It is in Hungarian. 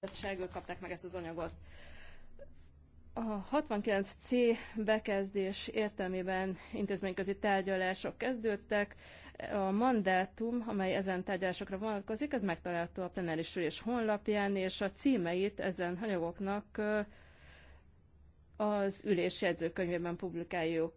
bizottsággal kapták meg ezt az anyagot. A 69C bekezdés értelmében intézményközi tárgyalások kezdődtek. A mandátum, amely ezen tárgyalásokra vonatkozik, ez megtalálható a plenáris ülés honlapján, és a címeit ezen anyagoknak az ülés jegyzőkönyvében publikáljuk.